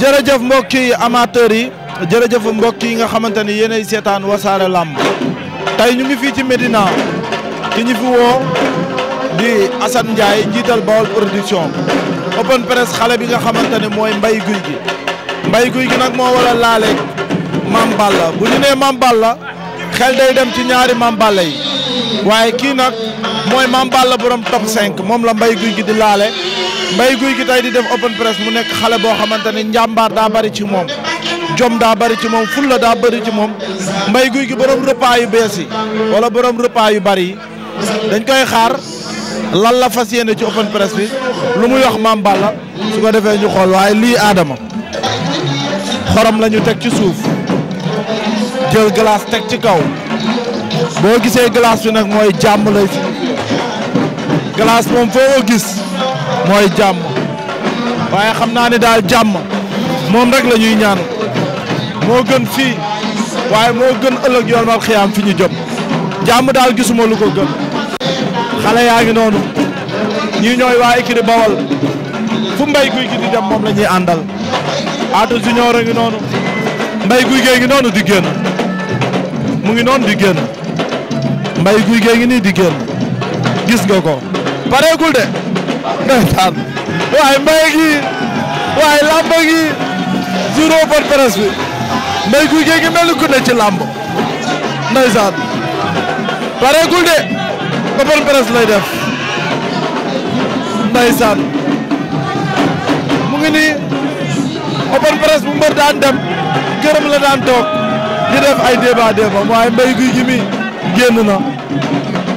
jërëjëf mbokki amateurs yi jërëjëf mbokk yi nga xamante ni yéenay seetaan wasaare làmb tey ñu ngi fii ci Medina ki ñu fi woo di Assane Ndiaye njiital Baol production open press xale bi nga xamante mooy mbay guy gi mbay guy gi nag moo war a laaleeg Balla bu ñu nee Balla xel day dem ci ñaari Mame Balla yi waaye kii nag mooy Mame Balla borom top moom la mbay guy gi di laale Mbaye Gouye Gui tey di def open press mu nekk xale boo xamante ne njàmbaar daa bari ci moom jom daa bari ci moom fulla daa bari ci moom Mbaye guy gi borom repas yu bees yi wala boroom repas yu bari yi dañ koy xaar lan la fas yéene ci open press bi lu muy wax maam la su ko defee ñu xool waaye lii aadama xorom lañu teg ci suuf jël glace teg ci kaw boo gisee glace bi nag mooy jàmm lay fi moom foo gis. mooy jàmm waaye xam naa ne daal jàmm moom rek lañuy ñuy ñaan moo gën fii waaye moo gën ëllëg yoon mal xiyaam fi ñu jëm jàmm daal gisuma lu ko gën xale yaa ngi noonu ñii ñooy waa écurie Bawol fu mbay guy gi di dem moom la ñuy àndal Atou Junior a ngi noonu mbay guy gee ngi noonu di génn mu ngi noonu di génn mbay guy gee ngi nii di génn gis nga ko pareegul de ndeysaan waaye mbay gi waaye làmb gi zéro bonne presse bi mbay guy gi ngi ku ne ci làmb ndeysaan de ba bonne presse lay def ndeysaan mu ngi nii open presse bu daan dem gërëm la daan toog di def ay débat débat waaye mbay guy gi mi génn na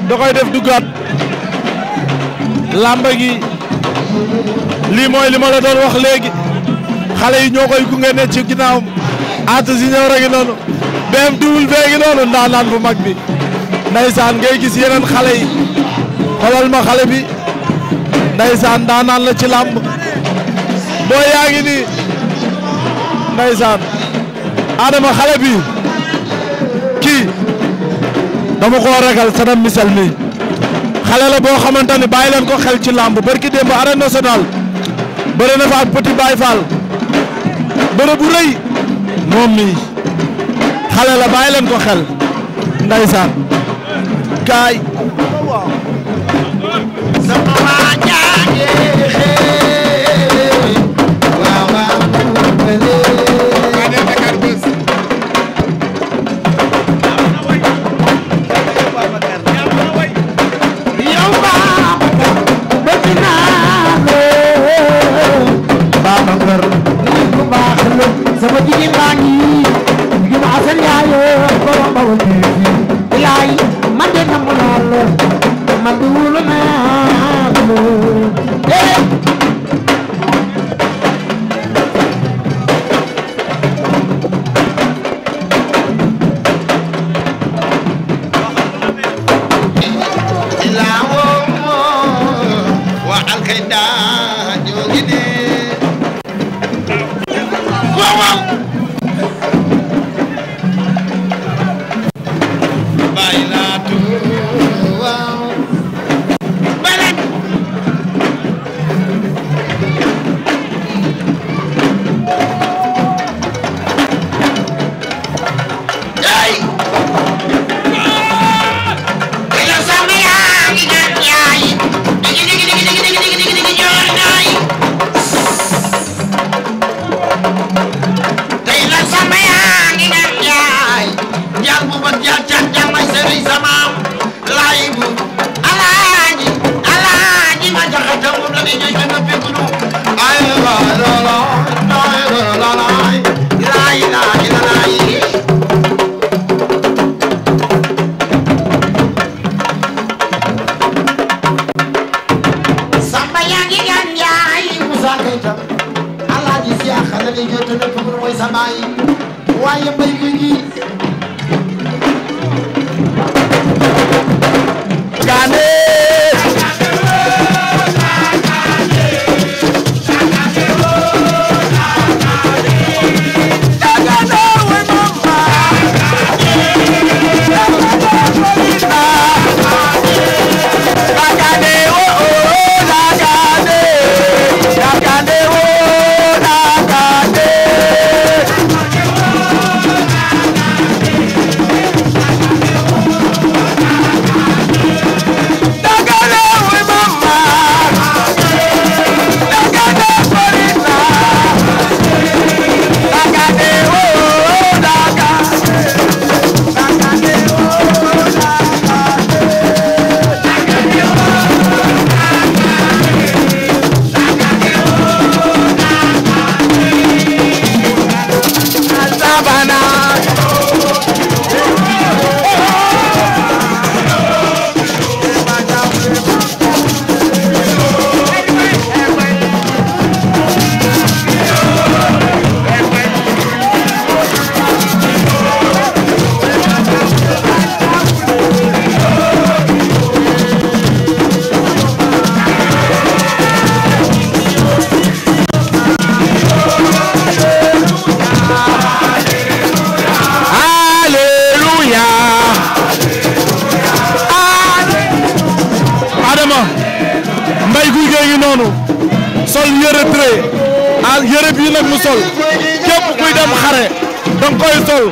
da koy def duggaat làmb gi lii mooy li ma la doon wax léegi xale yi ñoo koy gunge ne ci ginnaawam Atou Junior a ngi noonu BMW ngi noonu ndaanaan bu mag bi ndaysaan ngay gis yeneen xale yi xoolal ma xale bi ndaysaan ndaanaan la ci làmb boo yaa ngi nii ndaysaan Adama xale bi kii dama koo ragal sanam misal mi xale boo xamante ne bàyyi leen ko xel ci làmb barki démb arène nationale bëre na fa ak petit bëre bu rëy moom nii xale la bàyyi leen ko xel ndaysaan kaay sama ñaange malaaka itam alaaji si yàq la lay jot na tugur mooy da nga koy sol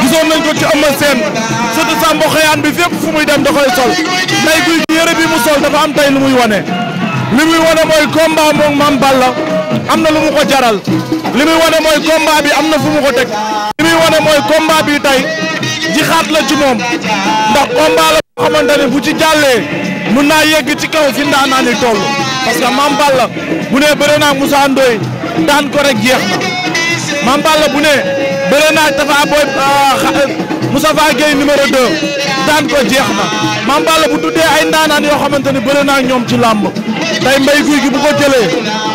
gisoon nañ ko ci Eumeu Sène surtout Samba Xëyaan bi fépp fu muy dem da koy sol tey guy gi yëre bi mu sol dafa am tey lu muy wane li muy wane mooy combat moom Mame Balla am na lu mu ko jaral li muy wane mooy combat bi am na fu mu ko teg li muy wane mooy combat bi tey ji xaat la ci moom ndax combat la boo xamante bu ci jàllee mun naa yegg ci kaw fi ndaanaan yi toll parce que Mame Balla bu nee bëre naa Moussa Ndoye daan ko rek jeex na Mame Balla bu ne bëre naa Tafa Boy ah, euh, Moustapha Gueye numéro 2 daan ko jeex na Mame bu tuddee ay ndaanaan yoo xamante ni bëre naa ñoom ci làmb tey mbay guy gi bu ko jëlee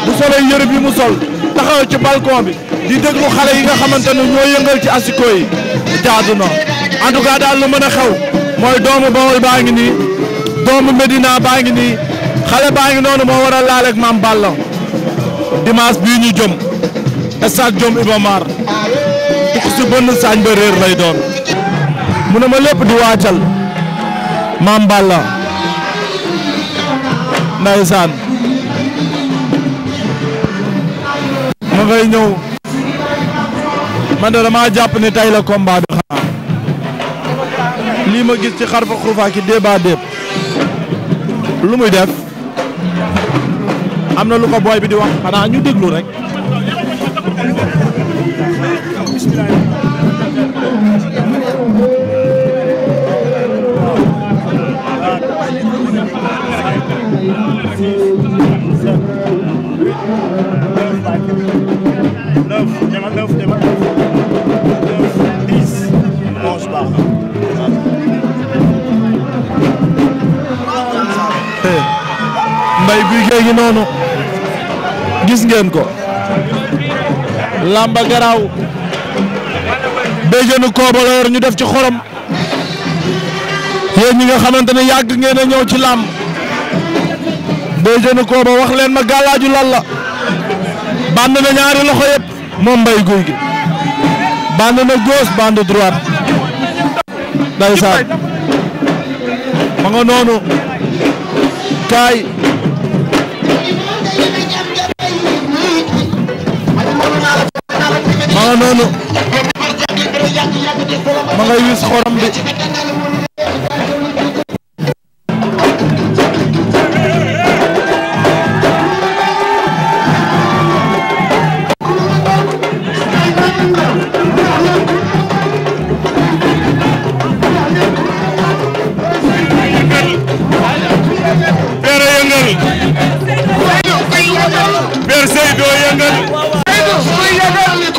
bu solee yëre bi mu sol taxaw ci balcon bi di déglu xale yi nga xamante ñoo yëngal ci asiko yi jaadu na en tout cas daal lu mën a xew mooy doomu Bawol baa ngi ni doomu Medina baa ngi ni xale baa ngi noonu moo war a laaleeg Mame Balla dimanche bii ñu jëm. stade Diom Iba Mar dugg si bënn saañ ba réer lay doon mu ne ma lépp di waajal maam Balla ndeysaan ma ngay ñëw man de jàpp ne tay la xanaa lii ma gis ci xarfa xurfaa ki déeb lu muy def am na lu ko booy bi di wax xanaa ñu déglu rek mbay guy géey gi noonu gis ngeen ko lamba garaaw béjjënu kooba la yor ñu def ci xorom yéen ñi nga xamante ne yàgg ngeen a ñëw ci làmb béjjënu kooba wax leen ma gàllaaju lan la band na ñaari loxo yëpp moom mbay guy gi band na gauche band droite ndeysaan ma nga noonu kaay noonu ma ngay wis xorom bi Beer Seye doo yëngal. Seydou su ma yëngal.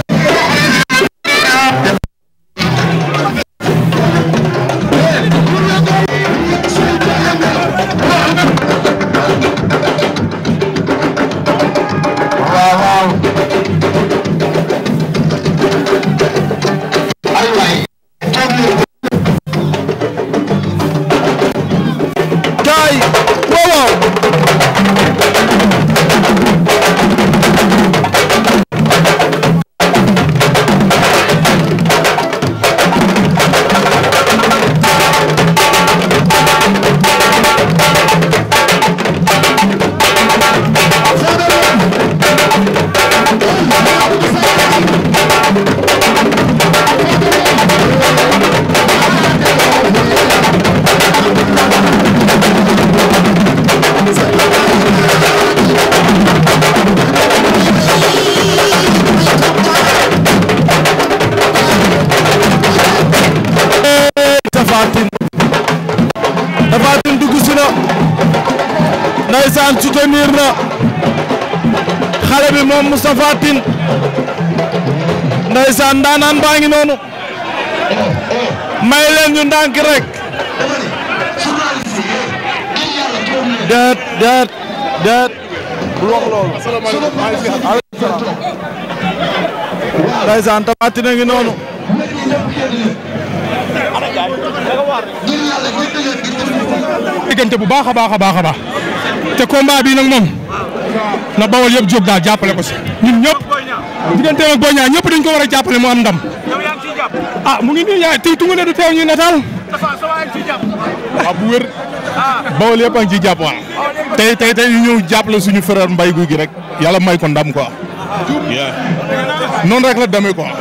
Tapha Tine ndeysaan ndaanaan baa ngi noonu may leen ñu ndànk rek deet deet deet bul wax loolu ndeysaan Tapha Tine a ngi noonu diggante bu baax a baax a baax a baax te combat moom na bawol yëpp jóg daal jàppale ko si ñun ñëpp digganteem ak Boy Niang ñëpp dañ ko war a jàppale mu am ndam ah mu ngi nii yaay tey tungu ne du teew ñuy nataal waaw bu wér ah. bawol yëpp a ngi ciy jàpp tey tey tey ñu ñëw jàppale suñu frère mbay gu gi rek yàlla may ko ndam quoi noonu rek la demee quoi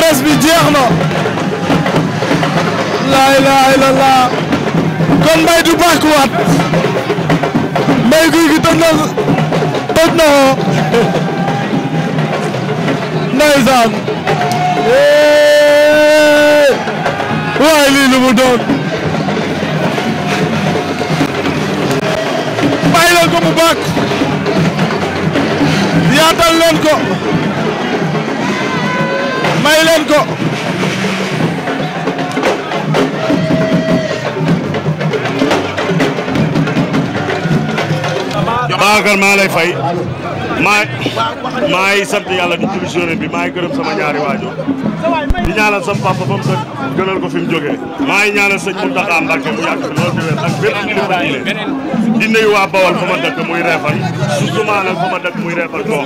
presse bi jeex na laa ilaaha illallah kon mbay du bàkkuwaat mbay guy gi toj na toj na ko ndeysaan waaye lii lu mu doon bàyyi leen ko mu bàkk yaatal leen ko may leen ko Babacar maa lay fay maa maa ngi sant yàlla di julli journée bi maa ngi gërëm sama ñaari waajur di ñaanal sama papa ba mu sa gënal ko fi mu jógee maa ngi ñaanal sëñ Mountakha Mbacké mu yàgg fi loolu di wér ak bépp kilifa diine di nuyu waa Bawol fa ma dëkk muy reefan su sumaalal fa ma dëkk muy reefan boo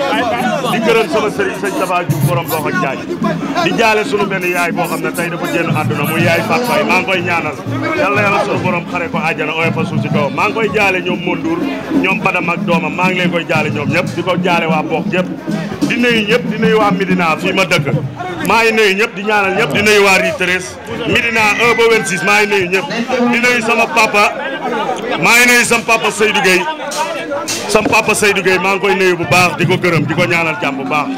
di gërëm sama sëriñ sëñ Tafa Diouf borom boo ak jaaj di jaale sunu benn yaay boo xam ne tey dafa génn àdduna muy yaay Fatou Faye maa ngi koy ñaanal yàlla yàlla sunu borom xare ko àjjana ooy fa suuf si kawam maa ngi koy jaale ñoom Mondour ñoom Badam ak doomam maa ngi leen koy jaale ñoom di ko jaale waa Bokk yëpp di maa ngi nuyu ñëpp di ñaanal ñëpp di nuyu waa Ritres Midina a ba 26 maa ngi nuyu di nuyu sama papa maa ngi nuyu sam papa Seydou Gueye sam papa Seydou maa ngi koy nuyu bu baax di ko gërëm di ko ñaanal jàmm bu baax.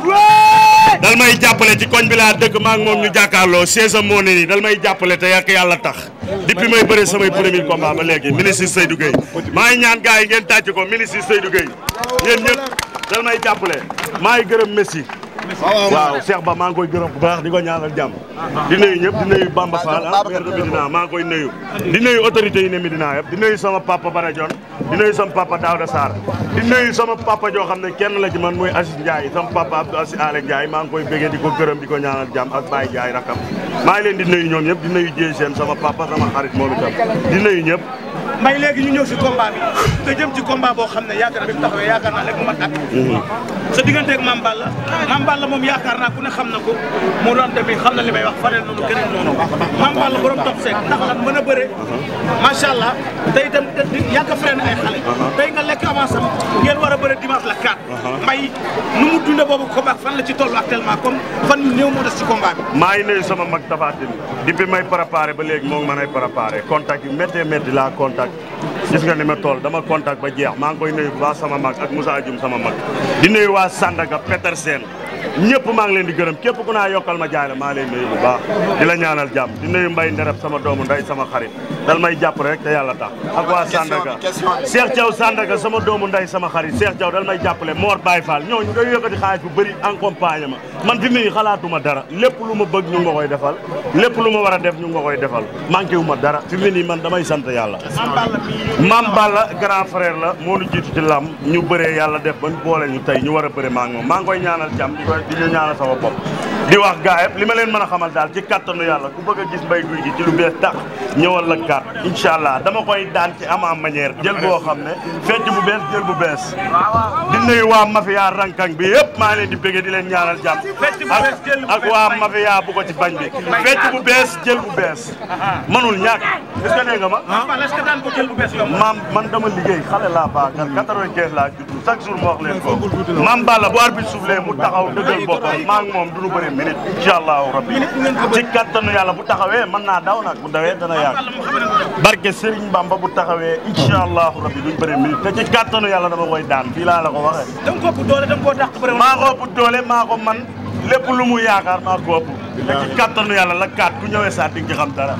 dal may jàppale ci koñ bi laa dëkk maa ngi moom ñu jàkkaarloo saison moo ne nii dal may jàppale te yàq yàlla tax depuis may bëre samay premier combat ba léegi ministre say Gueye maa ngi ñaan gars yi ngeen tàcc ko ministre say Gueye yéen ñëpp dal may jàppale maa ngi gërëm Messi. waaw Cheikh Ba maa ngi koy gërëm bu baax di ko ñaanal jàmm di nuyu ñëpp di nuyu Bamba Fall ah maire de maa ngi koy nuyu di nuyu autorités yi ne Médina yëpp di nuyu sama papa Bara Dione di nuyu sama papa Daouda Sarr di nuyu sama papa joo xam ne kenn la ci man muy Aziz Ndiaye sama papa Abdou Aziz Ale Ndiaye maa ngi koy béggee di ko gërëm di ko ñaanal jàmm ak Baye rakam maa ngi leen di nuyu ñoom ñëpp di nuyu Dieu sama papa sama xarit moom itam di nuyu ñëpp may léegi ñu ñëw si combat bi te jëm ci combat boo xam ne yaakaar bi mu taxawee yaakaar naa léegi mu mat at mhm. sa digganteeg Mame Balla Mame Balla moom yaakaar naa ku ne xam na ko moo doon tamit xam na li may wax fareel noonu keneen noonu Mame Balla borom top seeg ndax mën a bëre mhm. macha allah te itam yàgg a freiné ay xale mhm. tey nga lekk avance am ngeen war a bëre dimanche la 4 may nu mu dunde boobu combat fan la ci toll actuellement comme fan néew moo des ci combat maa ngi nuyu sama mag Tapha Tine depuis may préparé ba léegi moo ngi mën ay yu laa contact nag nga ni ma tool dama contact ba jeex maa ngi koy nuyu waa sama mag ak Moussa Dioum sama mag di nuyu waa Sandaga Petersen ñëpp maa ngi leen di gërëm képp ku naa yokkal ma jaay la maa lay nuyu bu baax di la ñaanal jàmm di nuyu Mbaye Ndereb sama doomu nday sama xarit dal may jàpp rek te yàlla tax ak waa Sandaga Cheikh Thiaw Sandaga sama doomu nday sama xarit Cheikh Thiaw dal may jàppale Mor Baye Fall ñooñu day yëkkati xaalis bu bëri accompagné ma man fi mu ne xalaatuma dara lépp lu ma bëgg ñu ngi koy defal lépp lu ma war a def ñu ngi koy defal manqué ma dara fi mu ne man damay sant yàlla Mame Balla grand frère la moo ñu jiitu ci lam ñu bëree yàlla def ba boole ñu tey ñu war a bëri maa koy ñaanal jàmm di wax gaa yëpp ma leen mën a xamal daal ci kattanu yàlla ku bëgg a dikkaat incha allah dama koy daan ci ama manière jël boo xam ne fecc bu bees jël bu bees di nuyu waa mafia rankang bi yëpp maa ngi leen di bëgg di leen ñaanal jàmm ak ak waa mafia bu bi fecc bu bees jël bu bees mënul ñàkk ma ah, man dama liggéey xale laa baa gar quatre vingt laa judd chaque jour ma wax leen ko maam Balla bu arbitre soufflé mu taxaw dëggal boppam maa ngi moom duñu bëri minute incha rabbi ci kattanu yàlla bu taxawee mën naa daw nag bu dawee dana yàgg barke Serigne Bamba bu taxawee incha allahu rabi duñ bëri mi te ci kàttanu yàlla dama daan fii laa la ko waxee. da nga ko ëpp doole da nga koo dàq bëri. maa ko doole maa ko man lépp lu mu yaakaar maa ko te ci kattanu yàlla la kaat ku ñëwee saa di nga xam dara.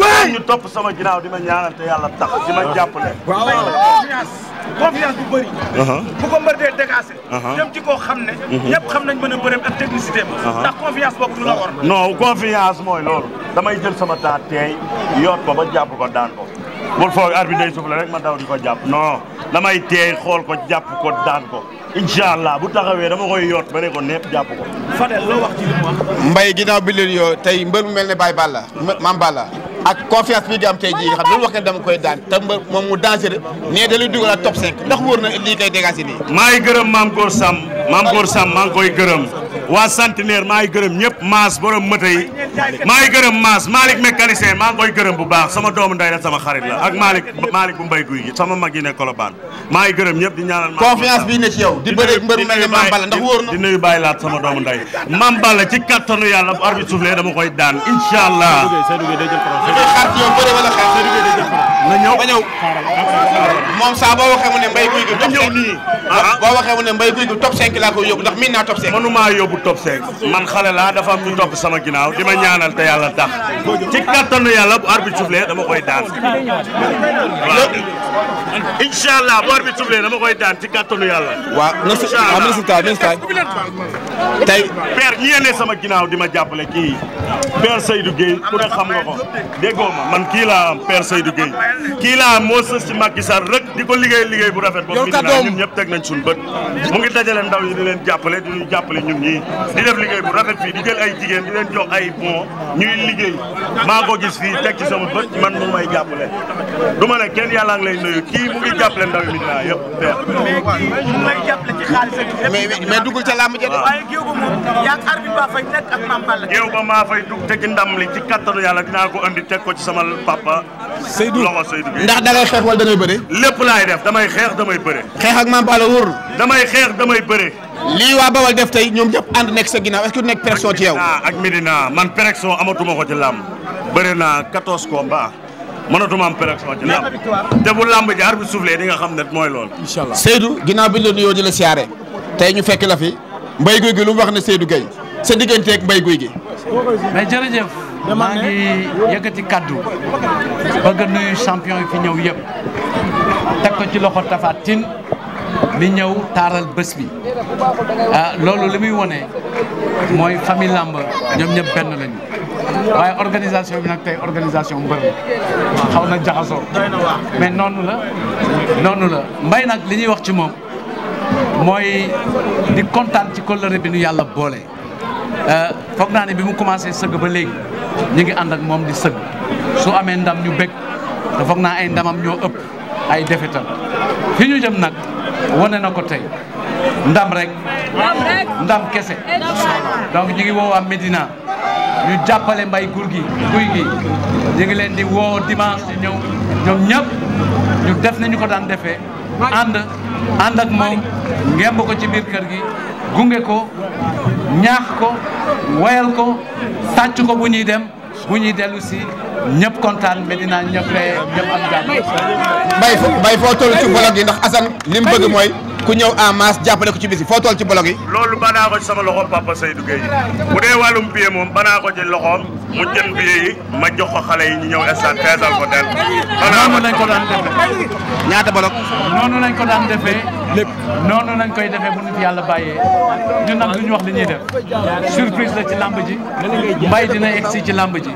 waay ñu topp sama ginnaaw di ma ñaanal yàlla tax di ma jàppale. waaw uh-huh. bu ko mbër dee dégagé. dem uh-huh. ci xam ne. Uh-huh. ñëpp xam nañ mën a technicité bi. ndax confiance boobu lu la war. non confiance mooy loolu. damay jël sama taa teey yoot ko ba jàpp ko daan ko. bul foog arbitre day soufflé rek ma daw ko jàpp non damay teey xool ko jàpp ko daan ko. incha allah bu taxawee dama koy yoot ba ne ko nepp jàpp ko. Fadel loo wax yoo tey mbër mu mel ne Baye Balla maam Balla ak confiance bi nga am tey jii nga xam loolu wax ne dama koy daan te mbër moom mu dangereux nee da luy dugal ak top 5 ndax wóor na lii koy dégagé nii. maa gërëm maam Gor Samb. maam Góor Sam maa ngi koy gërëm waa centenaire maa ngi gërëm ñëpp maas borom mëta yi maa ngi gërëm maas Malick mécanicien maa ngi koy gërëm bu baax sama doomu ndey la sama xarit la ak Malick Malick bu mbay guy gi sama mag yi ne Colobane maa ngi gërëm ñëpp di ñaanal confiance bi ne ci yow di bëri mbër mel ne Mame Balla ndax wóor na di nuyu bàyyi laat sama doomu ndey Mame Balla ci kattanu yàlla bu arbitre soufflé dama koy daan incha allah na ñëw ba ñëw moom saa boo waxee mu ne mbay guy gi top 5 ki laa koy yóbbu ndax miin naa top 5. mënumaa yóbbu man xale dafa am ñu topp sama ginnaaw di ma ñaanal te yàlla tax ci kattanu yàlla bu arbitre soufflé dama koy koy daan ci kattanu yàlla. waaw incha allah waaw incha allah tey. père sama ginnaaw di ma jàppale kii père Seydou Guèye ku ne xam nga ko déggoo man kii laa am père Seydou Guèye kii laa am moo sës ci rek di ko liggéey liggéey bu rafet. yow kat doom boobu ñun ñëpp nañ suñu bët yi di leen jàppale di ñu jàppale ñun ñii di def liggéey bu rafet fii di jël ay jigéen di leen jox ay bon ñuy liggéey maa ko si fii teg ci sama bët man mu may jàppale du ma ne kenn yàlla ngi lay nuyu kii mu ngi jàppale ndaw yi Médina yëpp feer mais dugg ca làmb ja waaye géew ba le yaa arbitre ba ci ndam yàlla dinaa ko andi teg ko ci sama papa Seydou loxo Seydou ndax da ngay xeex wala da bëre lépp laay def damay xeex damay bëre xeex ak maam Balla wóor damay xeex damay bëre lii waa Bawal def tey ñoom ñëpp ànd nekk sa ginnaaw est-ce que du nekk pression ci yow. ak Medina man pression amatuma ko ci làmb. bëri naa 14 combats mënatuma am pression ci làmb te bu làmb jaar bi soufflé di nga xam ne mooy loolu. incha allah Seydou ginnaaw bi ñu la nuyoo di la siyaare tey ñu fekk la fi mbay guy gi lu mu wax ne Seydou Gueye sa digganteeg mbay guy gi. mais jërëjëf maa ngi kàddu kaddu bëgg nuyu champion yi fi ñëw yëpp teg ko ci loxo Tapha Tine li ñëw taaral bés bi ah loolu li muy wone mooy famille làmb ñoom ñëpp benn lañu waaye organisation bi nag tey organisation mbër xaw na jaxasoo mais noonu la noonu la mbay nag li ñuy wax ci moom mooy di kontaan ci kóllëre bi nu yàlla boole ah, foog naa ne bi mu commencé sëgg ba léegi ñu ngi ànd ak moom di sëgg su amee ndam ñu bëgg te foog naa ay ndamam ñoo ëpp ay defetal fi ñu jëm nag wane na ko tey ndam rekk ndam kese donc ñu ngi woo waa ñu jàppale mbay gur gi guy gi ñu ngi leen di woo dimanche ñëw ñoom ñëpp ñu def nañu ko daan defee ànd ànd ak moom ngemb ko ci biir kër gi gunge ko ñaax ko woyal ko tàcc ko bu ñuy bu ñuy dellu si ñëpp kontaan Medina ñëpp ree am jàmm. Mbaye foo Mbaye ci bolog yi ndax Assane li mu bëgg mooy ku ñëw en masse jàppale ko ci bis yi foo toll ci bolog yi. loolu banaa ko ci sama loxo Papa say Gueye bu dee wàllum pied moom banaa ko ci loxoom. mu jën billet ma jox ko xale yi ñu ñëw stade feesal ko del noonu lañ ko daan defee ñaata bolok noonu lañ ko daan defee lépp noonu lañ koy defee bu nit yàlla bàyyee ñu nag duñu wax li ñuy def surprise la ci làmb ji mbay dina egsi ci làmb ji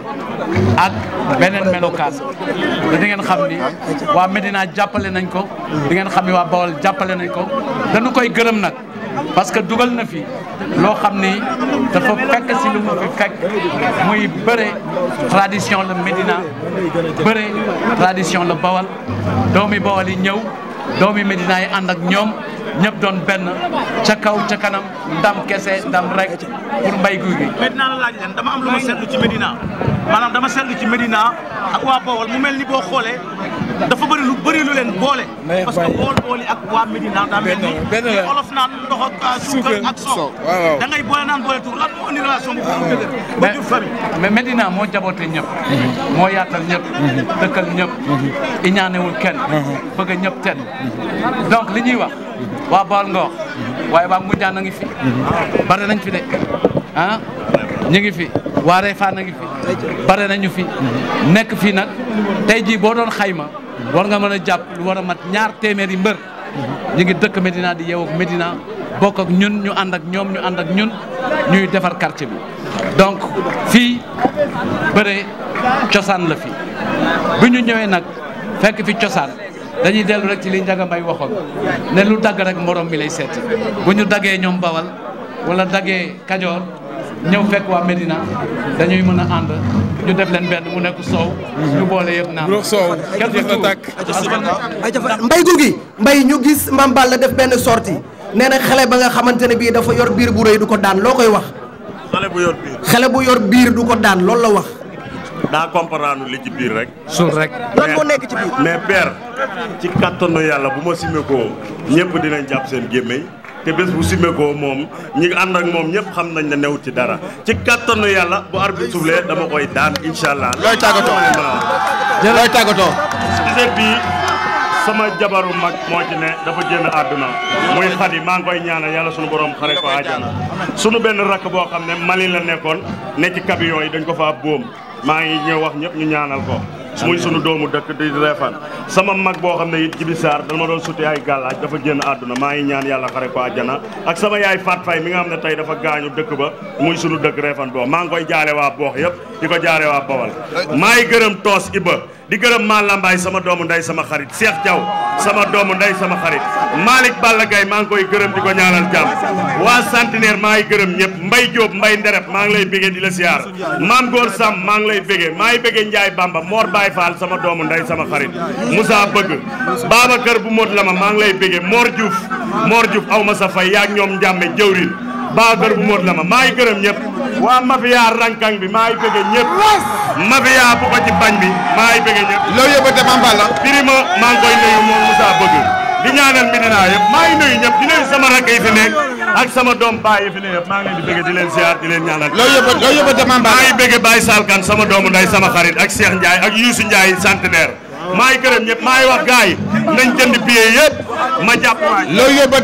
ak beneen melokaan da di ngeen xam ni waa Medina jàppale nañ ko di ngeen xam ni waa Bawol jàppale nañ ko dañu koy gërëm nag parce que dugal na fi loo xam ni dafa fekk ma fi fekk muy bëre tradition la Médina bëre tradition la Bawal doomi Bawal yi ñëw doomi Médina yi ànd ak ñoom ñëpp doon benn ca kaw ca kanam ndam kese ndam rek pour mbay guy gi. mais dinaa la dama am lu ma seetlu ci Medina maanaam dama seetlu ci Medina ak waa Bawol mu mel ni boo xoolee dafa bëri lu bëri lu leen boole. parce que bool booli ak waa Medina daa mel ni. benn la olof naan ndox ak ah, suukar ak soow da boole naan boole tur lan moo indi relation bu ko ah, ba jur mais Medina moo jaboote ñëpp. Mhm. moo yaatal ñëpp. i mhm. ñëpp. Mhm. iñaanewul kenn. bëgg ñëpp tenn donc li ñuy wax. waa Baol nga wax waaye waa Ngoundiane a ngi fi bare nañ fi de ah ñu ngi fi waa Réfane a ngi fi bare nañu fi nekk fii nag tey jii boo doon xayma war nga mën a jàpp lu war a mat ñaar téeméeri mbër ñu ngi dëkk medina di yeewu ak Médina bokk ak ñun ñu ànd ak ñoom ñu ànd ak ñun ñuy defar quartier bi donc fii bare cosaan la fi bu ñu ñëwee nag fekk fi cosaan dañuy dellu rek ci li Ndiaga Mbaye waxoon ne lu dagg rek morom mi lay seeti bu ñu daggee ñoom bawal wala daggee kajoor ñëw fekk waa Medina dañuy mën a ànd ñu def leen benn mu nekk soow. ñu boole yëpp naan bu soow kenn du mbay gu gi mbay ñu gis Mame la def benn sortie nee na xale ba nga xamante ne bii dafa yor biir bu rëy du ko daan loo koy wax. xale bu yor biir xale yor biir du ko daan loolu la wax. daa comprendre li ci biir rek. suul rek lan moo ci mais père ci kattanu yàlla bu ma simmeekoo ñëpp dinañ jàpp seen gémmiñ te bés bu simekoo moom ñi ànd ak moom ñëpp xam nañ ne newut ci dara ci kattanu yàlla bu arbitre dama koy daan incha allah. looy tàggatoo looy tàggatoo. gisee bii sama jabaru mag moo ci ne dafa génn àdduna muy xadi maa ngi koy ñaanal yàlla sunu borom xare ko àjjana sunu benn rakk boo xam ne Mali la nekkoon ne ci yi dañ ko faa boom. maa ngi ñëw wax ñëpp ñu ñaanal ko muy sunu doomu dëkk di reefan sama mag boo xam ne it Jibi Sarr dama doon suti ay gàllaaj dafa génn àdduna maa ngi ñaan yàlla xare ko àjjana ak sama yaay Fat Fay mi nga xam ne tey dafa gaañu dëkk ba muy sunu dëkk reefan boox maa ngi koy jaale waa boox yëpp di ko jaale waa Bawal maa ngi gërëm toos Iba di gërëm maa lambaay sama doomu nday sama xarit Cheikh Diaw sama doomu ndey sama xarit Malick Balla Gaye maa ngi koy gërëm di ko ñaanal jàmm waa centenaire maa ngi gërëm ñëpp Mbay Jóob Mbay Nderef maa ngi lay béggee di la siyaar Maam Góor Sam maa ngi lay béggee maa ngi béggee Njaay bàmba moor Baay Faal sama doomu nday sama xarit Moussa Bëgg kër bu mot la ma maa ngi lay béggee Mor Diouf Mor Diouf aw ma sa fay yaag ñoom njàmme jëwrin Babacar bu Modou ma maa ngi gërëm ñëpp waa mafia rankang bi maa ngi bëgg ñëpp. mafia bu ko ci bañ bi maa ngi bëgg ñëpp. loolu yëpp dafa am la. Birima maa ngi koy nuyu moom Moussa bëgg di ñaanal Medina maa ngi nuyu ñëpp di nuyu sama rakk yi ak sama doom baa yi fi nekk maa ngi di bëgg di leen ziar di leen ñaanal. loolu yëpp loolu yëpp dafa maa ngi bëgg Baye Salkan sama doomu nday sama xarit ak Cheikh Ndiaye ak Youssou Ndiaye centenaire maay gërëm ñëpp maay wax gars yi nañ jënd billet yëpp ma jàpp waa ji. loolu yëpp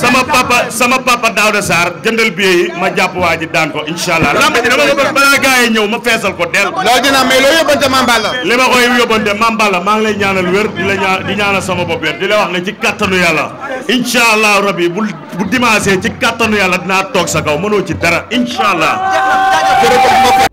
sama papa sama papa Daouda Sarr jëndal billet yi ma jàpp waa ji daan ko incha allah. dama ko balaa gars yi ñëw ma feesal ko del loolu dina mais loolu yóbbante ma mbala. li ma koy yóbbante ma maa ngi lay ñaanal wér di la ñaan di ñaanal sama bopp wér di la wax na ci kàttanu yàlla incha allah rabi bu bu ci kattanu yàlla dinaa toog sa kaw mënoo ci dara incha allah.